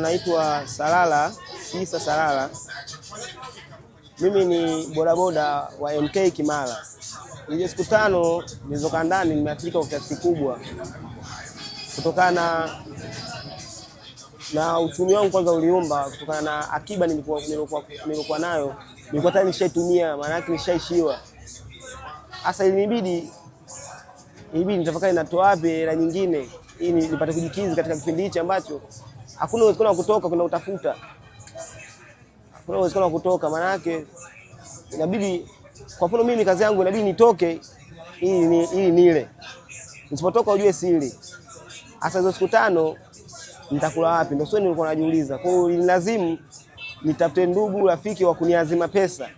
Naitwa Salala Isa Salala, mimi ni bodaboda wa MK Kimara. Ile siku tano nilizokaa ndani nimeathirika kwa kiasi kikubwa kutokana na uchumi wangu kwanza uliumba kutokana na akiba nilikuwa nayo, nilikuwa tayari nishaitumia, maana yake nishaishiwa. Sasa ilinibidi ilibidi nitafakari natoa wapi hela nyingine ili nipate kujikizi katika kipindi hichi ambacho hakuna uwezekano wa kutoka kwenda utafuta, hakuna uwezekano wa kutoka. Maana yake inabidi, kwa mfano mimi kazi yangu inabidi nitoke ili ili nile, nisipotoka ujue siri. Hasa hizo siku tano nitakula wapi? Ndio swali nilikuwa najiuliza. Kwa hiyo lazima nitafute ndugu rafiki wa kuniazima pesa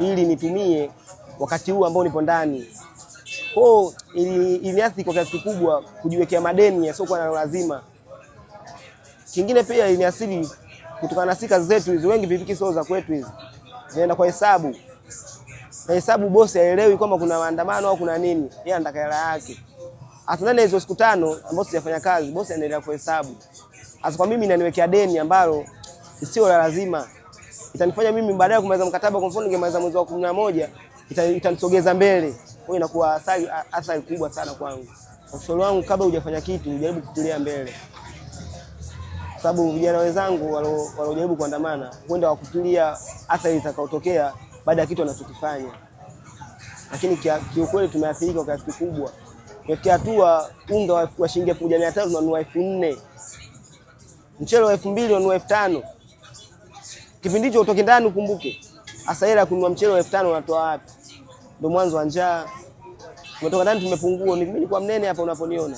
ili nitumie wakati huu ambao nipo ndani. Kwa hiyo ili, iliathiri kwa kiasi kikubwa kujiwekea madeni yasiokuwa na lazima. Kingine pia iliathiri kutokana na sika zetu hizi, wengi pikipiki sio za kwetu hizi, zinaenda kwa hesabu na hesabu, bosi haelewi kwamba kuna maandamano au kuna nini, yeye anataka hela yake. Hata ndani hizo siku tano ambazo sijafanya kazi, bosi anaendelea kwa hesabu. Sasa kwa mimi inaniwekea deni ambalo sio la lazima, itanifanya mimi baadaye kumaliza mkataba. Kwa mfano, ningemaliza mwezi wa 11 na moja, itanisogeza mbele kwa inakuwa athari, athari kubwa sana kwangu. Ushauri wangu kabla hujafanya kitu, jaribu kutulia mbele, sababu vijana wenzangu waliojaribu kuandamana huenda wakutulia athari itakayotokea baada ya kitu wanachokifanya, lakini kiukweli tumeathirika kwa kiasi kikubwa. Kufikia hatua unga wa shilingi elfu moja mia tano elfu nne mchele wa elfu mbili unanunua elfu tano Kipindi hicho utoke ndani, ukumbuke hasa hela ya kununua mchele wa elfu tano unatoa wapi? ndo mwanzo wa njaa. Umetoka ndani tumepungua, mimi nilikuwa mnene hapa unaponiona,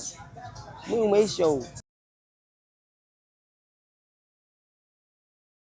mwili umeisha huu.